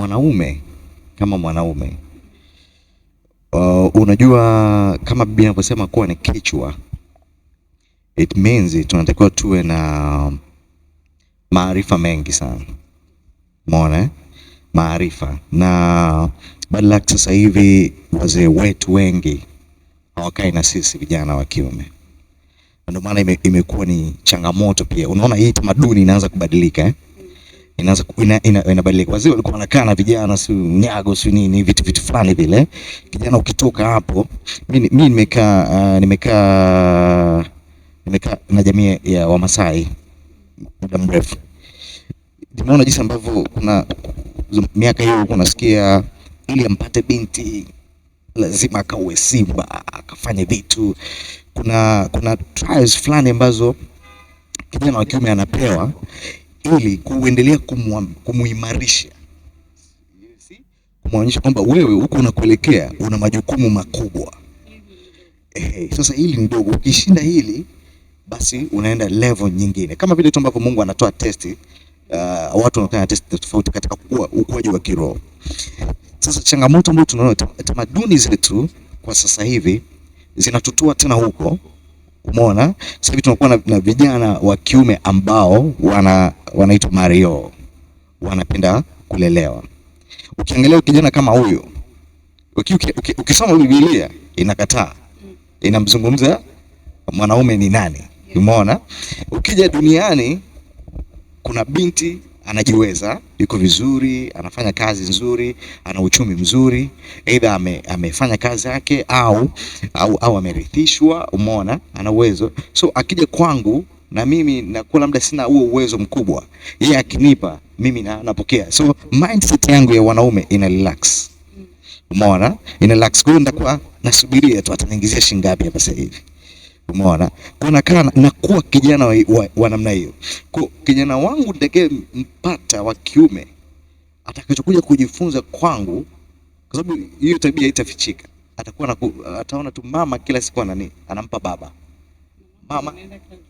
mwanaume kama mwanaume uh, unajua kama Biblia inavyosema kuwa ni kichwa, it means tunatakiwa tuwe na maarifa mengi sana, umeona eh? maarifa, na badala yake sasa hivi wazee wetu wengi hawakai na sisi vijana wa kiume, ndio maana imekuwa ni changamoto pia. Unaona hii tamaduni inaanza kubadilika eh? inaanza ina, ina, inabadilika. Wazee walikuwa wanakaa na vijana, si nyago, si nini, vitu vitu fulani vile. Kijana ukitoka hapo, mimi mimi nimekaa uh, nimekaa nimekaa na jamii ya Wamasai muda mrefu, nimeona jinsi ambavyo kuna miaka hiyo huko nasikia, ili ampate binti lazima akaue simba akafanye vitu. Kuna kuna trials fulani ambazo kijana wa kiume anapewa ili kuendelea kumuimarisha, kumwonyesha kwamba wewe huko unakuelekea una majukumu makubwa. Eh, sasa hili ni dogo, ukishinda hili basi unaenda level nyingine, kama vile tu ambavyo Mungu anatoa test uh, watu wanafanya test tofauti katika kukua ukuaji wa kiroho. Sasa changamoto ambayo tunaona tamaduni zetu kwa sasa hivi zinatutua tena huko Umeona, sasa hivi tunakuwa na, na vijana wa kiume ambao wana wanaitwa Mario, wanapenda kulelewa. Ukiangalia kijana kama huyo, ukisoma Biblia inakataa, inamzungumza mwanaume ni nani? Umeona, ukija duniani kuna binti anajiweza, yuko vizuri, anafanya kazi nzuri, ana uchumi mzuri, aidha ame, amefanya kazi yake au, au, au amerithishwa. Umeona, ana uwezo. So akija kwangu na mimi nakuwa labda sina huo uwezo mkubwa, yeye akinipa mimi na, napokea. So mindset yangu ya wanaume ina relax, umeona, ina relax. Kwa hiyo nitakuwa nasubiria tu ataniingizia shilingi ngapi hapa sasa hivi. Umeona, kuna kana na kuwa kijana wa, wa, wa namna hiyo. Kwa kijana wangu ndege mpata wa kiume atakachokuja kujifunza kwangu, kwa sababu hiyo tabia itafichika, atakuwa na ataona tu mama kila siku anani anampa baba mama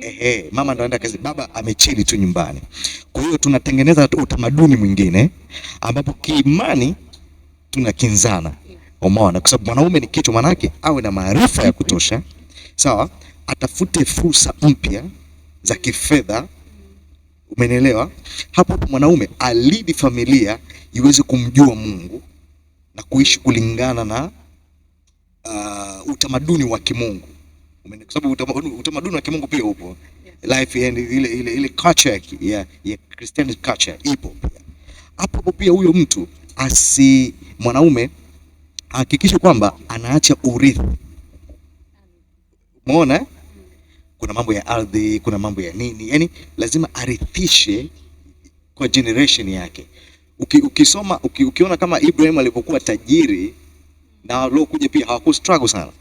ehe, mama ndo anaenda kazi, baba amechili tu nyumbani. Kwa hiyo tunatengeneza utamaduni mwingine ambapo kiimani tunakinzana, umeona, kwa sababu mwanaume ni kitu, manake awe na maarifa ya kutosha sawa, atafute fursa mpya za kifedha. Umenielewa? Hapo mwanaume alidi familia iweze kumjua Mungu na kuishi kulingana na uh, utamaduni wa kimungu. Kwa sababu utamaduni wa kimungu pia upo life and ile ile ile culture ya ya Christian culture ipo pia hapo hapo. Pia huyo mtu asi, mwanaume ahakikishe kwamba anaacha urithi Umeona, kuna mambo ya ardhi, kuna mambo ya nini, yani lazima arithishe kwa generation yake. Uki, ukisoma uki, ukiona kama Ibrahim alivokuwa tajiri na waliokuja pia hawakustruggle sana.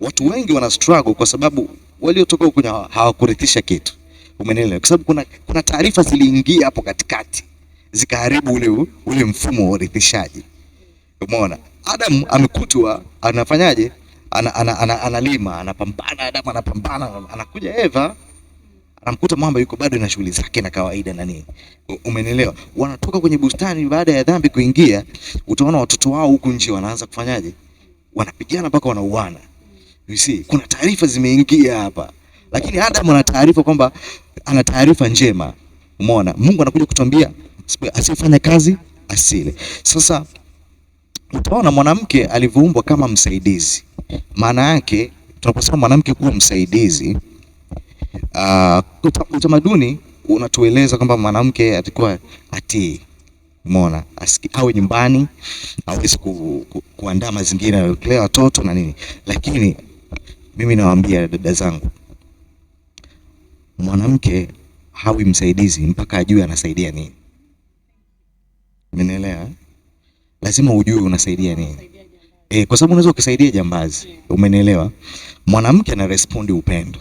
Watu wengi wana struggle kwa sababu waliotoka huko hawakurithisha kitu, umeelewa? Kwa sababu kuna, kuna taarifa ziliingia hapo katikati zikaharibu ule, ule mfumo wa urithishaji. Umeona, Adam amekutwa anafanyaje? analima ana, ana, ana, anapambana, Adamu anapambana, anakuja Eva anamkuta mwamba yuko bado na shughuli zake na kawaida na nini, umenielewa? Wanatoka kwenye bustani baada ya dhambi kuingia, utaona watoto wao huku nje wanaanza kufanyaje? Wanapigana mpaka wanauana. You see, kuna taarifa zimeingia hapa, lakini Adamu ana taarifa kwamba ana taarifa njema. Umeona, Mungu anakuja kutuambia asifanye kazi asile. Sasa utaona mwanamke alivyoumbwa kama msaidizi maana yake tunaposema mwanamke kuwa msaidizi, uh, utamaduni unatueleza kwamba mwanamke atakuwa atii, umeona, awe nyumbani, awezi ku, ku, kuandaa mazingira ya kulea watoto na nini, lakini mimi nawaambia dada zangu, mwanamke hawi msaidizi mpaka ajue anasaidia nini. Umeelewa? Lazima ujue unasaidia nini. E, kwa sababu unaweza ukasaidia jambazi, umenielewa? Mwanamke ana anarespondi upendo,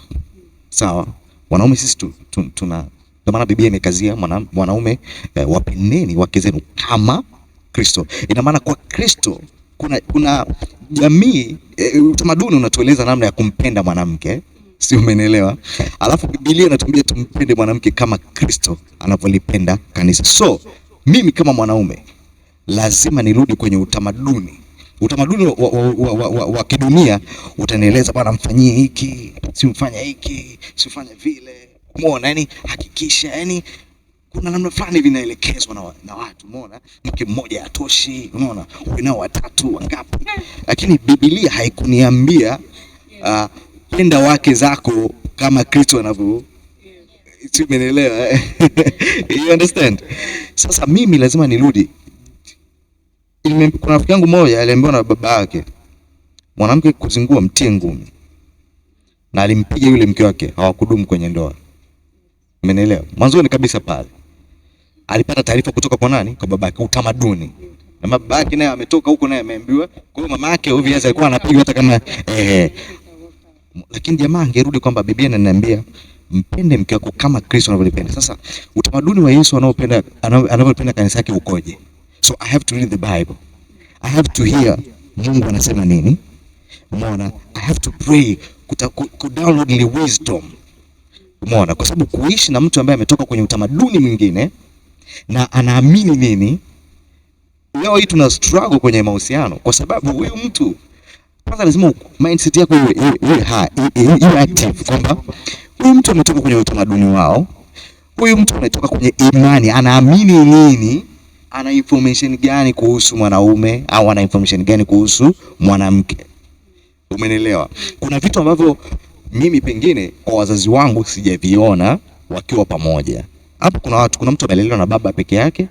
sawa. Wanaume sisi tu, tu, tuna ndio maana Biblia imekazia mwanaume eh, wapendeni wake zenu kama Kristo. Ina maana kwa Kristo kuna kuna jamii eh, utamaduni unatueleza namna ya kumpenda mwanamke, si umenielewa? Alafu Biblia inatuambia tumpende mwanamke kama Kristo anavyolipenda kanisa. So mimi kama mwanaume lazima nirudi kwenye utamaduni utamaduni wa, wa, wa, wa, wa, wa kidunia utanieleza bwana, mfanyie hiki, simfanya hiki, simfanya vile. Umeona, yani hakikisha, yani kuna namna fulani vinaelekezwa na, na watu. Umeona, mke mmoja atoshi, unaona, uwe nao watatu, wangapi? Lakini Biblia haikuniambia uh, penda wake zako kama Kristo anavyo eh? You understand? Sasa mimi lazima nirudi kuna rafiki yangu mmoja aliambiwa na baba yake, mwanamke kuzingua mtie ngumi, na alimpiga yule mke wake, hawakudumu kwenye ndoa. Umeelewa? Mwanzo ni kabisa pale alipata taarifa kutoka kwa nani? Kwa babake, utamaduni na baba yake naye ametoka huko naye ameambiwa. Kwa hiyo mama yake obvious alikuwa anapiga hata kama eh, lakini jamaa angerudi kwamba Biblia inaniambia mpende mke wako kama Kristo anavyopenda. Sasa utamaduni wa Yesu anaopenda anavyopenda kanisa yake ukoje? So I have to read the Bible. I have to hear Mungu anasema nini? Umeona? I have to pray kuta, ku download the wisdom. Umeona? Kwa sababu kuishi na mtu ambaye ametoka kwenye utamaduni mwingine na anaamini nini? Leo hii tuna struggle kwenye mahusiano kwa sababu huyu mtu kwanza lazima mindset yako iwe iwe active kwamba huyu mtu ametoka kwenye utamaduni wao. Huyu mtu anatoka kwenye imani, anaamini nini? ana information gani kuhusu mwanaume au ana information gani kuhusu mwanamke. Umenielewa? Kuna vitu ambavyo mimi pengine kwa wazazi wangu sijaviona wakiwa pamoja. Hapo kuna watu, kuna mtu amelelewa na baba peke yake,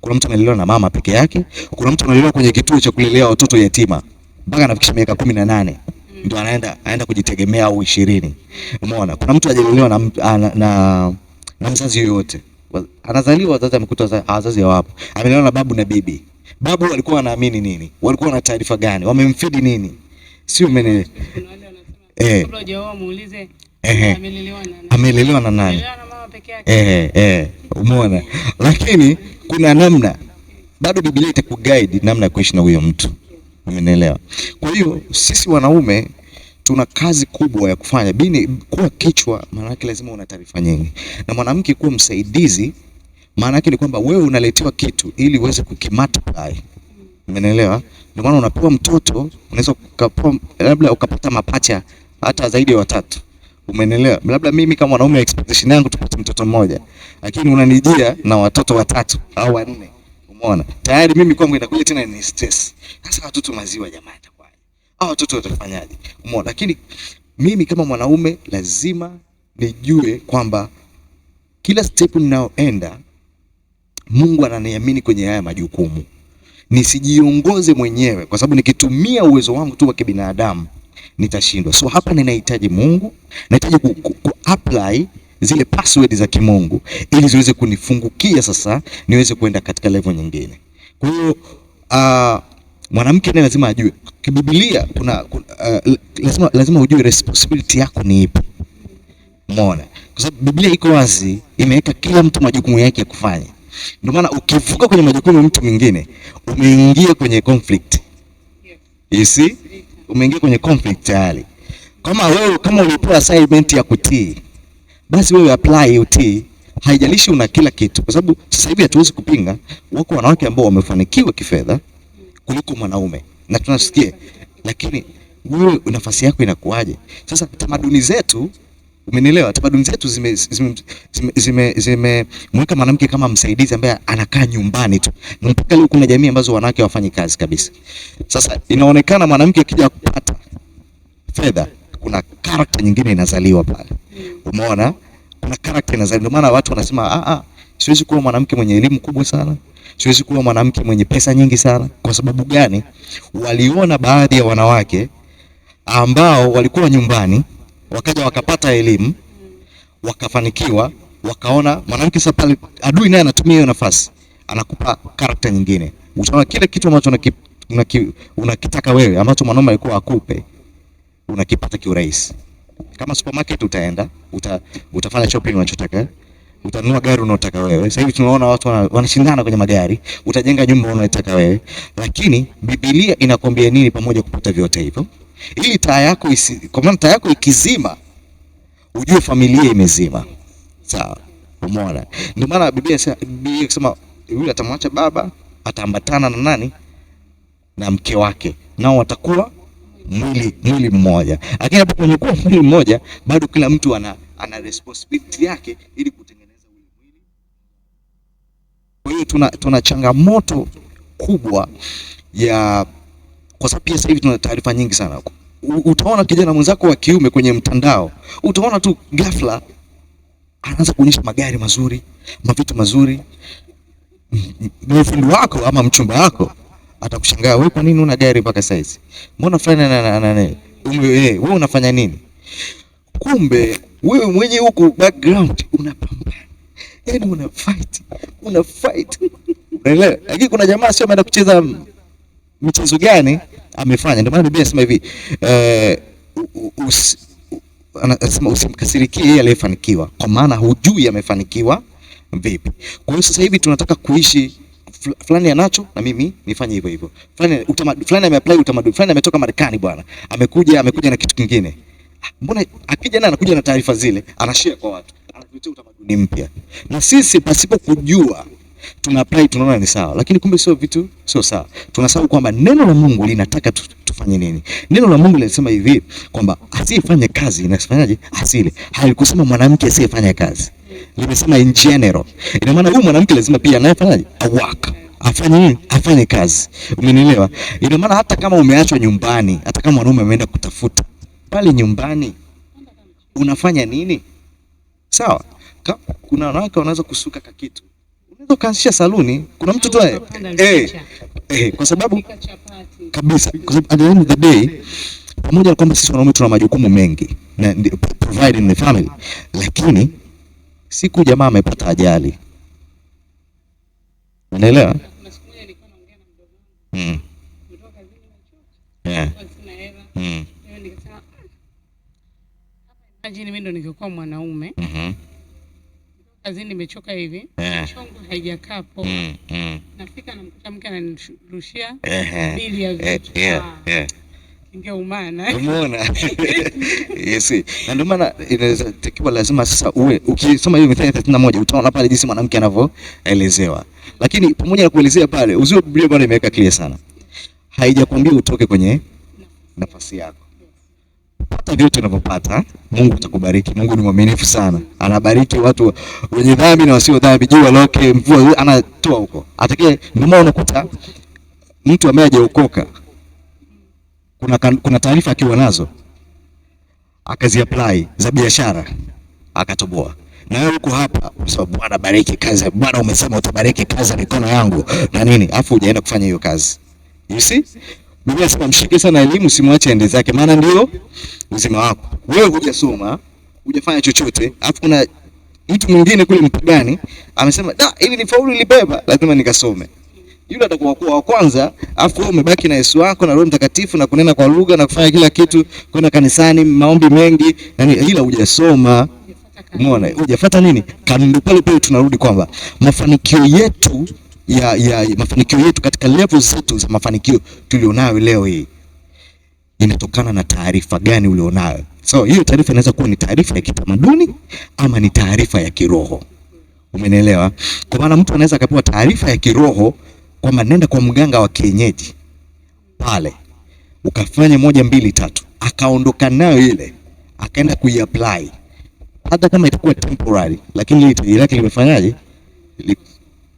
kuna mtu amelelewa na mama peke yake, kuna mtu amelelewa kwenye kituo cha kulelea watoto yatima mpaka anafikisha miaka kumi na nane ndo anaenda anaenda kujitegemea au ishirini. Umeona, kuna mtu hajalelewa na, na, na, na mzazi yoyote anazaliwa wazazi, amekuta wazazi hawapo, amelelewa na babu na bibi. Babu walikuwa wanaamini nini? Walikuwa na taarifa gani? Wamemfidi nini? si umene eh, eh, amelelewa na nani? Eh, eh, umeona? Lakini kuna namna bado Biblia itakuguide namna ya kuishi na huyo mtu, umenielewa? Kwa hiyo sisi wanaume tuna kazi kubwa ya kufanya. Bini kuwa kichwa, maana yake lazima una taarifa nyingi, na mwanamke kuwa msaidizi, maana yake ni kwamba wewe unaletewa kitu ili uweze kukimultiply. Umeelewa? Ndio maana unapewa mtoto, unaweza labda ukapata mapacha hata zaidi ya watatu. Umeelewa? Labda mimi kama mwanaume expectation yangu tupate mtoto mmoja, lakini unanijia na watoto watatu au wanne. Umeona? Tayari mimi kwangu inakuja tena ni stress. Sasa watoto maziwa jamani hawa ah, watoto watafanyaje? Umeona? Lakini mimi kama mwanaume lazima nijue kwamba kila step ninayoenda Mungu ananiamini kwenye haya majukumu, nisijiongoze mwenyewe, kwa sababu nikitumia uwezo wangu tu wa kibinadamu nitashindwa. So hapa ninahitaji Mungu, nahitaji ku, ku, ku apply zile password za kimungu ili ziweze kunifungukia sasa niweze kuenda katika level nyingine. Kwa hiyo uh, mwanamke naye lazima ajue kibiblia kuna, kuna uh, lazima, lazima ujue responsibility yako ni ipi. Umeona, kwa sababu Biblia iko wazi, imeweka kila mtu majukumu yake ya kufanya. Ndio maana ukivuka kwenye majukumu ya mtu mwingine umeingia kwenye conflict, you see, umeingia kwenye conflict tayari. Kama wewe kama ulipewa assignment ya kutii, basi wewe apply utii haijalishi una kila kitu, kwa sababu sasa hivi hatuwezi kupinga, wako wanawake ambao wamefanikiwa kifedha, kuliko mwanaume, na tunasikia lakini wewe nafasi yako inakuwaje? Sasa tamaduni zetu, umenielewa, tamaduni zetu zimemweka zime, zime, zime, zime, mwanamke kama msaidizi ambaye anakaa nyumbani tu, na mpaka leo kuna jamii ambazo wanawake wafanyi kazi kabisa. Sasa inaonekana mwanamke akija kupata fedha, kuna karakta nyingine inazaliwa pale, umeona, kuna karakta inazaliwa. Ndio maana watu wanasema ah, ah siwezi kuwa mwanamke mwenye elimu kubwa sana, siwezi kuwa mwanamke mwenye pesa nyingi sana. Kwa sababu gani? Waliona baadhi ya wanawake ambao walikuwa nyumbani, wakaja wakapata elimu, wakafanikiwa, wakaona mwanamke sasa pale, adui naye anatumia hiyo nafasi, anakupa karakta nyingine, utaona kile kitu ambacho unakitaka wewe ambacho mwanaume alikuwa akupe unakipata kiurahisi. Kama supermarket utaenda uta, utafanya shopping unachotaka utanunua gari unaotaka wewe. Sasa hivi tunaona watu wanashindana kwenye magari, utajenga nyumba unayotaka wewe, lakini Biblia inakwambia nini? Pamoja kupata vyote hivyo, ili taa yako isi, kwa maana taa yako ikizima, ujue familia imezima. Sawa, umeona? Ndio maana Biblia Biblia inasema yule atamwacha baba, ataambatana na nani? Na mke wake, nao watakuwa mwili mwili mmoja. Lakini hapo kwenye kuwa mwili mmoja, bado kila mtu ana ana responsibility yake ili hii tuna, tuna changamoto kubwa ya kwa sababu pia sasa hivi tuna taarifa nyingi sana. huko. Utaona kijana mwenzako wa kiume kwenye mtandao, utaona tu ghafla anaanza kuonyesha magari mazuri, mavitu mazuri. Boyfriend wako ama mchumba wako atakushangaa, wewe kwa nini una gari mpaka saizi? Mbona fulani na eh, wewe unafanya nini? Kumbe wewe mwenye huko background unapambana yani una fight, una fight unaelewa. Lakini kuna jamaa sio ameenda kucheza michezo gani amefanya. Ndio maana Biblia inasema hivi eh, anasema usimkasirikie yeye aliyefanikiwa, kwa maana hujui amefanikiwa vipi. Kwa hiyo sasa hivi tunataka kuishi fulani anacho na mimi nifanye hivyo hivyo. Fulani utamaduni fulani ameapply utamaduni fulani, ametoka Marekani bwana, amekuja amekuja na kitu kingine. Ah, mbona akija naye anakuja na taarifa zile, anashare kwa watu anatuletea utamaduni mpya, na sisi pasipo kujua tuna apply, tunaona ni sawa, lakini kumbe sio vitu, sio sawa. Tunasahau kwamba neno la Mungu linataka tu, tufanye nini? Neno la Mungu linasema hivi kwamba asiyefanya kazi inafanyaje? Asile. Halikusema mwanamke asiyefanya kazi, limesema in general. Ina maana huyu mwanamke lazima pia anayefanyaje awaka afanye nini? Afanye kazi. Umenielewa? Ina maana hata kama umeachwa nyumbani, hata kama mwanaume ameenda kutafuta pale nyumbani, unafanya nini? Sawa, kama kuna wanawake wanaweza kusuka kakitu, unaweza kuanzisha saluni. Kuna mtu tu eh, eh, eh, kwa sababu kabisa, kwa sababu at the end of the day, pamoja na kwamba sisi wanaume tuna majukumu mengi na providing the family, lakini siku jamaa amepata ajali, unaelewa mm. yeah. mm jini mimi ndo ningekuwa mwanaume Mhm. mm -hmm. Kazini nimechoka hivi eh. Chongo Mhm. mm Nafika na mkuta mke ananirushia eh. Bili ya eh, vitu Yeah. Ah. yeah, Umeona? Yes, na ndio maana inatakiwa lazima sasa uwe ukisoma hiyo Mithali 31 utaona pale jinsi mwanamke anavyoelezewa, lakini pamoja na kuelezea pale, uzio Biblia Bwana imeweka clear sana, haijakwambia utoke kwenye nafasi yako utapata vyote unavyopata. Mungu atakubariki. Mungu ni mwaminifu sana, anabariki watu wenye dhambi na wasio dhambi, jua loke, mvua anatoa huko atakaye. Ndio maana unakuta mtu ambaye hajaokoka kuna, kuna taarifa akiwa nazo akazi apply za biashara akatoboa na wewe uko hapa kwa sababu Bwana bariki kazi, Bwana umesema utabariki kazi ya mikono yangu na nini, afu hujaenda kufanya hiyo kazi, you see. Biblia inasema mshike sana elimu, simwache ende zake, maana ndio uzima wako. Wewe hujasoma, hujafanya chochote, alafu kuna mtu mwingine kule mpigani amesema da, ili faulu libeba lazima nikasome. Yule atakuwa wa kwanza, afu wewe umebaki na Yesu wako na Roho Mtakatifu na kunena kwa lugha na kufanya kila kitu, kwenda kanisani, maombi mengi, ila hujasoma. Umeona, hujafuata nini? Kanuni pale pale tunarudi kwamba mafanikio yetu ya, ya ya mafanikio yetu katika level zetu za mafanikio tulionayo leo hii inatokana na taarifa gani ulionayo. So hiyo taarifa inaweza kuwa ni taarifa ya kitamaduni ama ni taarifa ya kiroho. Umenielewa? Kwa maana mtu anaweza akapewa taarifa ya kiroho kwamba nenda kwa mganga wa kienyeji pale ukafanya moja mbili tatu, akaondoka nayo ile, akaenda kuiapply hata kama itakuwa temporary, lakini ile taji yake limefanyaje?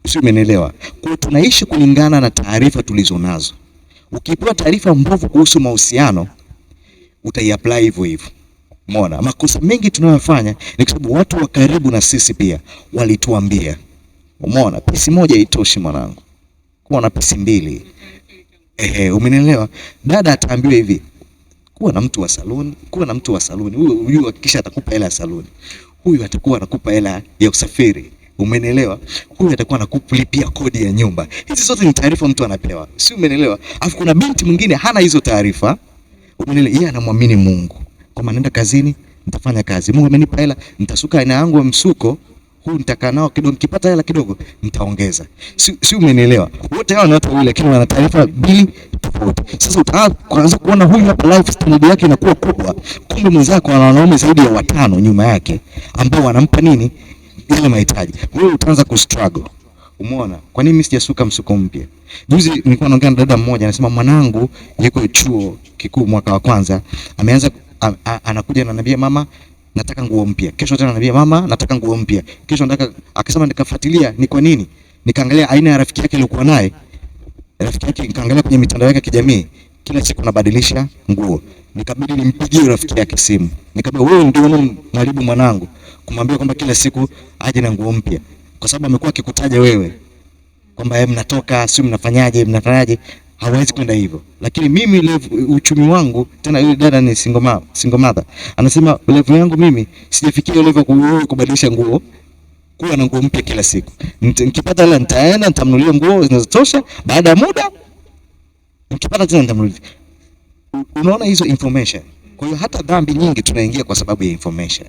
si umenielewa? Kwa tunaishi kulingana na taarifa tulizonazo. Ukipewa taarifa mbovu kuhusu mahusiano utaiapply hivyo hivyo. Umeona, makosa mengi tunayofanya ni kwa sababu watu wa karibu na sisi pia walituambia. Umeona, pisi moja haitoshi mwanangu, kuwa na pisi mbili. Ehe, umenielewa? Dada ataambiwa hivi, kuwa na mtu wa saluni, kuwa na mtu wa saluni. Huyu huyu hakikisha atakupa hela ya saluni, huyu atakuwa anakupa hela ya usafiri Umenelewa? Huyu atakuwa anakulipia kodi ya nyumba. Hizi zote ni taarifa mtu anapewa, si umenelewa? Alafu kuna binti mwingine hana hizo taarifa, umenelewa? Yeye anamwamini Mungu kwamba naenda kazini, nitafanya kazi, Mungu amenipa hela, nitasuka aina yangu ya msuko huu, nitakaa nao kidogo, nikipata hela kidogo nitaongeza, si, si umenelewa? Wote hao ni watu wawili, lakini wana taarifa mbili tofauti. Sasa utaanza kuona huyu hapa life standard yake inakuwa kubwa, kumbe mwenzako ana wanaume zaidi ya watano nyuma yake ambao wanampa nini bila mahitaji, wewe utaanza ku struggle. Umeona, kwa nini mimi sijasuka msuko mpya? Juzi nilikuwa naongea na dada mmoja, anasema mwanangu yuko chuo kikuu mwaka wa kwanza, ameanza anakuja na nambia mama nataka nguo mpya. Kesho tena ananiambia mama nataka nguo mpya. Kesho nataka akisema nikafuatilia ni kwa nini? Nikaangalia aina ya rafiki yake aliyokuwa naye. Rafiki yake nikaangalia kwenye mitandao yake ya kijamii. Kila siku anabadilisha nguo nikabidi nimpigie rafiki yake simu, nikamwambia wewe ndio unamharibu mwanangu, kumwambia kwamba kila siku aje na nguo mpya, kwa sababu amekuwa akikutaja wewe kwamba yeye eh, mnatoka, sio mnafanyaje, mnafanyaje, hawezi kwenda hivyo. Lakini mimi levu, uchumi wangu tena, yule dada ni single mom, single mother, anasema level yangu mimi sijafikia level ya kubadilisha nguo kuwa na nguo mpya kila siku. Nikipata hela nitaenda nitamnunulia nguo zinazotosha, baada ya muda nikipata tena nitamnunulia unaona hizo information. Kwa hiyo hata dhambi nyingi tunaingia kwa sababu ya information.